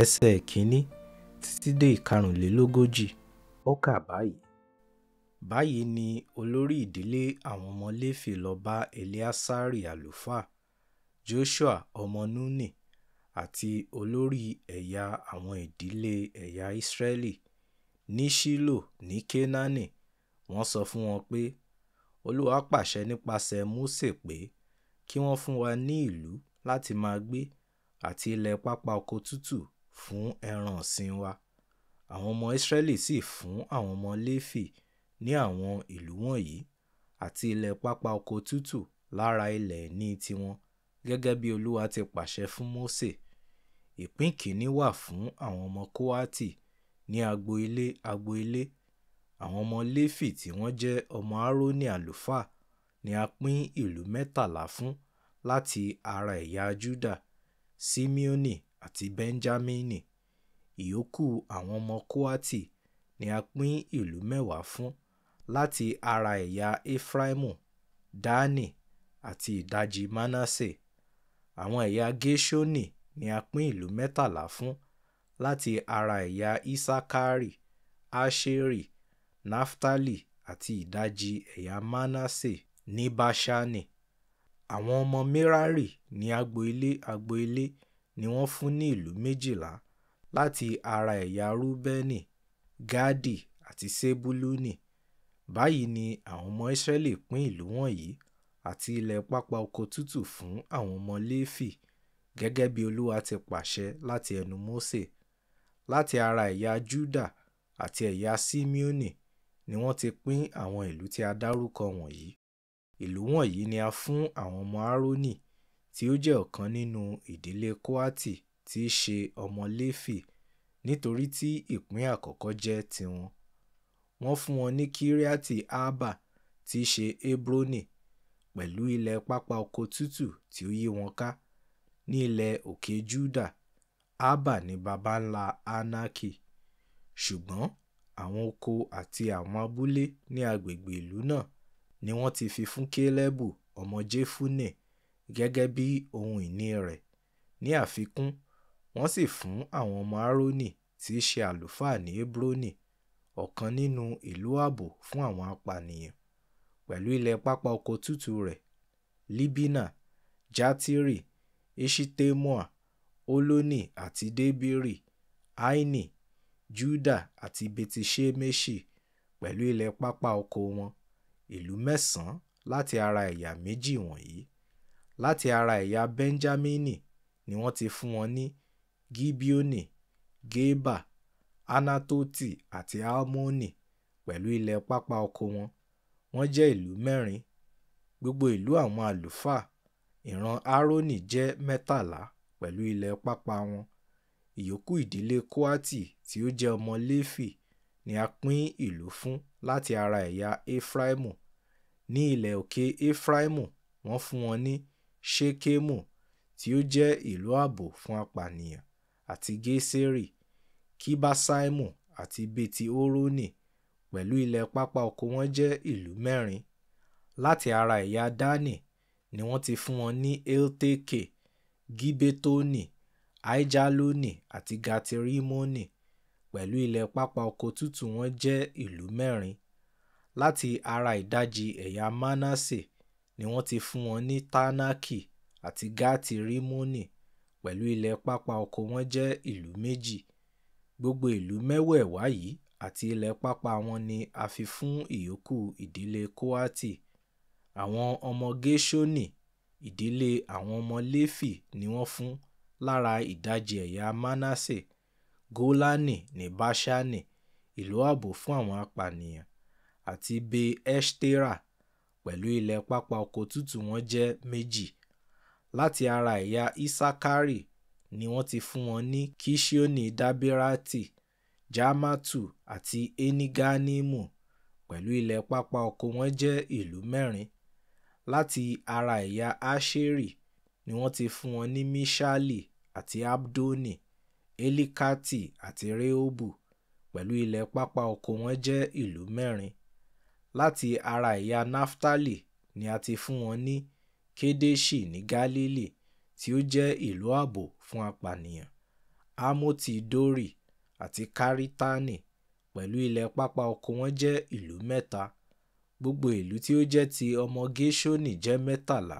ẹsẹ̀ kìíní títí dé ìkarùnlélógójì ó kà báyìí. báyìí ni olórí ìdílé àwọn ọmọ léfì lọ bá eleasari àlùfáà joshua ọmọ nuni àti olórí ẹ̀yà àwọn ìdílé ẹ̀yà ìsírẹ́lì ní ṣílò ní kénáánì wọ́n sọ fún wọn pé olúwa pàṣẹ nípasẹ̀ mósè pé kí wọ́n fún wa ní ìlú láti máa gbé àti ilẹ̀ pápá oko tútù fún ẹran ọ̀sìn wa. Àwọn ọmọ Israẹli sì fún àwọn ọmọ Léfì ní àwọn ìlú wọ̀nyí àti ilẹ̀ pápá oko tútù lára ilẹ̀ ìní tiwọn gẹ́gẹ́ bí Olúwa ti pàṣẹ fún Mósè. Ìpín kìíní wà fún àwọn ọmọ Kóhátì ní agbo ilé agbo ilé. Àwọn ọmọ Léfì tí wọ́n jẹ́ ọmọ Aaroni àlùfáà ni a pín ìlú mẹ́tàlá fún láti ara ẹ̀yà Júdà: Simioni àti Benjamini. Ìyókù àwọn ọmọ Kóátì ni a pín ìlú mẹ́wàá fún láti ara ẹ̀yà Efraimu, Dani àti ìdajì Manase. Àwọn ẹ̀yà Gerṣoni ni a pín ìlú mẹ́tàlá fún láti ara ẹ̀yà Isakari, Asheri, Naftali àti ìdajì ẹ̀yà Manase ní Baṣani. Àwọn ọmọ Merari ní agbo ilé agbo ilé ni wọ́n fún ní ìlú méjìlá láti ara ẹ̀yà Rúbẹ́nì, Gáàdì àti Ṣébúlúnì. Báyìí ni àwọn ọmọ Israẹli pín ìlú wọ̀nyí àti ilẹ̀ pápá oko tútù fún àwọn ọmọ Léfì gẹ́gẹ́ bí Olúwa ti pàṣẹ láti ẹnu Mósè. Láti ara ẹ̀yà Júdà àti ẹ̀yà Simeoni ni wọ́n ti pín àwọn ìlú tí a dárúkọ wọ̀nyí. Ìlú wọ̀nyí ni a fún àwọn ọmọ Aaroni tí ó jẹ́ ọ̀kan nínú ìdílé Kouyaté tí í ṣe ọmọ Léfì nítorí tí ìpín àkọ́kọ́ jẹ́ tiwọn. Wọ́n fún wọn ní Kiryat Arba tí í ṣe Hebroni, pẹ̀lú ilẹ̀ pápá oko tútù tí ó yí wọn ká, ní ilẹ̀ òkè Juda. Arba ni baba-ńlá Anaki. Ṣùgbọ́n àwọn oko àti àwọn abúlé ní agbègbè ìlú náà ni wọ́n ti fi fún Kalebu ọmọ Jefunne gẹ́gẹ́ bí ohun ìní rẹ̀. Ní àfikún, wọ́n sì fún àwọn ọmọ Aaroni tí í ṣe àlùfáà ní Hebroni, ọ̀kan nínú ìlú ààbò fún àwọn apànìyàn, pẹ̀lú ilẹ̀ pápá oko tútù rẹ̀, Libina, Jatiri, Eṣitemoa, Holoni àti Debiri, Aini, Juda àti Beti-Ṣemeṣi, pẹ̀lú ilẹ̀ pápá oko wọn, ìlú mẹ́sàn-án láti ara ẹ̀yà méjì wọ̀nyí láti ara ẹ̀yà bẹ́ńjámínì ni wọ́n ti fún wọn ní gíbíónì gébà ánátótì àti álmónì pẹ̀lú ilẹ̀ pápá oko wọn wọ́n jẹ́ ìlú mẹ́rin gbogbo ìlú àwọn àlùfáà ìran árónì jẹ́ mẹ́tàlá pẹ̀lú ilẹ̀ pápá wọn ìyókù ìdílé kóátì tí ó jẹ́ ọmọ léfì ni a pín ìlú fún láti ara ẹ̀yà éfráímù ní ilẹ̀ òkè éfráímù wọ́n fún wọn ní Ṣékémù tí ó jẹ́ ìlú ààbò fún apànìyàn àti Géṣẹ́rì, Kìbáṣáímù àti Beti-Horoni pẹ̀lú ilẹ̀ pápá oko wọn jẹ́ ìlú mẹ́rin. Láti ara ẹ̀yà Dani ni wọ́n ti fún wọn ní Elteke, Gibetoni, Aijaloni àti Gati-Rimoni pẹ̀lú ilẹ̀ pápá oko tútù wọn jẹ́ ìlú mẹ́rin. Láti ara ìdajì ẹ̀yà Manase ni wọ́n ti fún wọn ní Tánákì àti Gáàtì Rímónì pẹ̀lú ilẹ̀ pápá oko wọn jẹ́ ìlú méjì. Gbogbo ìlú mẹ́wẹ̀ẹ̀wá yìí àti ilẹ̀ pápá wọn ni a fi fún ìyókù ìdílé Kóhátì. Àwọn ọmọ Gẹ́ṣọ́nì ìdílé àwọn ọmọ Léfì ni wọ́n fún lára ìdajì ẹ̀yà Manasse. Gólánì ní Baṣani ìlú ààbò fún àwọn apànìyàn, àti Be-eṣterah pẹ̀lú ilẹ̀ pápá ọkọ̀ tútù wọn jẹ́ méjì. Láti ara ẹ̀yà Isakari ni wọ́n ti fún wọn ní Kiṣioni Dabirati, Jarmatu àti Eni Gannimu pẹ̀lú ilẹ̀ pápá oko wọn jẹ́ ìlú mẹ́rin. Láti ara ẹ̀yà Aṣeri ni wọ́n ti fún wọn ní Miṣali àti Abdoni, Elikati àti Rehobu pẹ̀lú ilẹ̀ pápá oko wọn jẹ́ ìlú mẹ́rin. Láti ara ẹ̀yà Naphtali ni a ti fún wọn ní Kedeṣi ní Galilee tí ó jẹ́ ìlú ààbò fún apànìyàn, Hamoti Dori àti Karitani pẹ̀lú ilẹ̀ pápá oko wọn jẹ́ ìlú mẹ́ta. Gbogbo ìlú tí ó jẹ́ ti ọmọ Gerṣoni jẹ́ mẹ́tàlá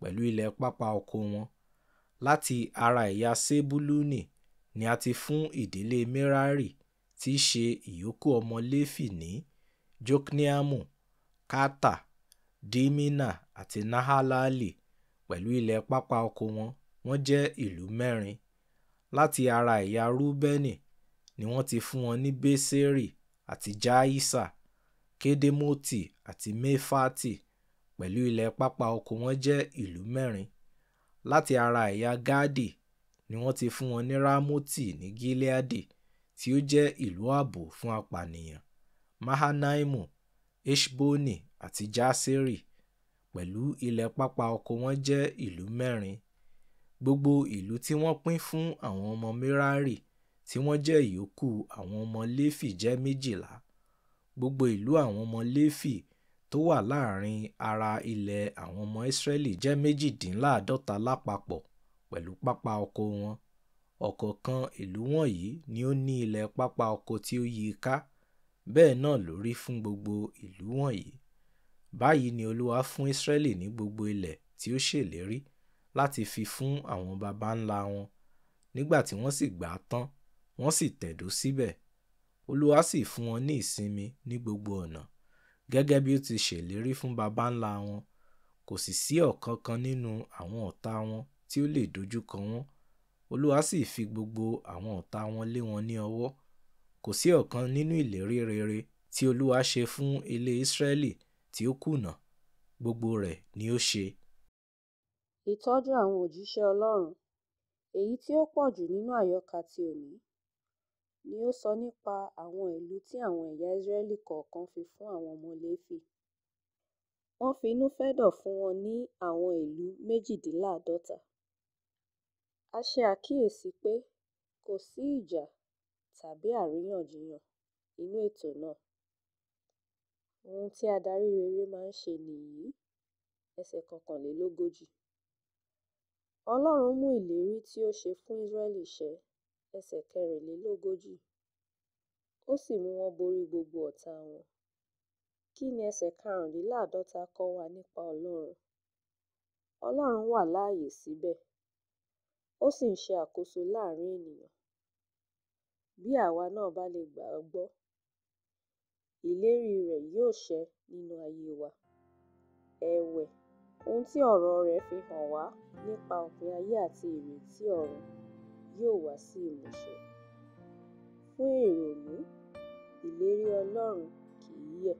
pẹ̀lú ilẹ̀ pápá oko wọn. Láti ara ẹ̀yà Sebuluni ni a ti fún ìdílé Merari tí í ṣe ìyókù ọmọ Lefi ní jókníámù kátà dímínà àti náhálálì pẹ̀lú ilẹ̀ pápá oko wọn wọ́n jẹ́ ìlú mẹ́rin láti ara ẹ̀yà rúbẹ́nì ni wọ́n ti fún wọn ní bésérì àti jáísà kédémótì àti méfàtì pẹ̀lú ilẹ̀ pápá oko wọn jẹ́ ìlú mẹ́rin láti ara ẹ̀yà gáàdì ni wọ́n ti fún wọn ní rámótì ní gíleádì tí ó jẹ́ ìlú ààbò fún apànìyàn Mahanaimu, Heṣboni àti Jaseri, pẹ̀lú ilẹ̀ pápá oko wọn jẹ́ ìlú mẹ́rin. Gbogbo ìlú tí wọ́n pín fún àwọn ọmọ Merari tí wọ́n jẹ́ ìyókù àwọn ọmọ Lefi jẹ́ méjìlá. Gbogbo ìlú àwọn ọmọ Lefi tó wà láàárín ara ilẹ̀ àwọn ọmọ Israẹli jẹ́ méjìdínláàádọ́ta lápapọ̀ pẹ̀lú pápá oko wọn. Ọ̀kọ̀ọ̀kan ìlú wọ̀nyí ni ó ní ilẹ̀ pápá oko tí ó yí i ká. Bẹ́ẹ̀ náà ló rí fún gbogbo ìlú wọ̀nyí. Báyìí ni Olúwa fún Israẹli ní gbogbo ilẹ̀ tí ó ṣèlérí láti fi fún àwọn baba ńlá wọn, nígbà tí wọ́n sì gbà á tán wọ́n sì tẹ̀dó síbẹ̀. Olúwa sì fún wọn ní ìsinmi ní gbogbo ọ̀nà, gẹ́gẹ́ bí ó ti ṣèlérí fún baba ńlá wọn. Kò sì sí ọ̀kankan nínú àwọn ọ̀tá wọn tí ó lè dojúkọ wọ́n. Olúwa sì fi gbogbo àwọn ọ̀tá wọn lé wọn ní ọwọ́. Kò sí ọ̀kan nínú ìlérí rere tí Olúwa ṣe fún ilé Ísírẹ́lì tí ó kùnà, gbogbo rẹ̀ ni ó ṣe. Ìtọ́jú àwọn òjíṣẹ́ Ọlọ́run Èyí tí ó pọ̀jù nínú àyọkà ti òní ni ó sọ nípa àwọn ìlú tí àwọn ẹ̀yà Ísírẹ́lì kọ̀ọ̀kan fi fún àwọn ọmọ Léfì. Wọ́n fi inúfẹ́dọ̀ fún wọn ní àwọn ìlú méjìdínláàdọ́ta. A ṣe àkíyèsí pé kò sí ìjà tàbí àríyànjiyàn nínú ètò náà. Ohun tí adarí rere máa ń ṣe nìyí (Ẹsẹ̀ kọkànlélógójì). Ọlọ́run mú ìlérí tí ó ṣe fún Ísírẹ́lì ṣẹ (Ẹsẹ̀ kẹrìnlélógójì), ó sì mú wọn borí gbogbo ọ̀tá wọn. Kí ni ẹsẹ̀ karùndínláàdọ́ta kọ́ wa nípa Ọlọ́run? Ọlọ́run wà láàyè síbẹ̀, ó sì ń ṣe àkóso láàárín ènìyàn bí àwa náà bá lè gbà á gbọ ìlérí rẹ yóò ṣẹ nínú ayé wa ẹwẹ ohun tí ọrọ rẹ fi hàn wá nípa òpin ayé àti ìrétí ọrun yóò wá sí ìmúṣẹ fún ìrònú ìlérí ọlọrun kì í yẹ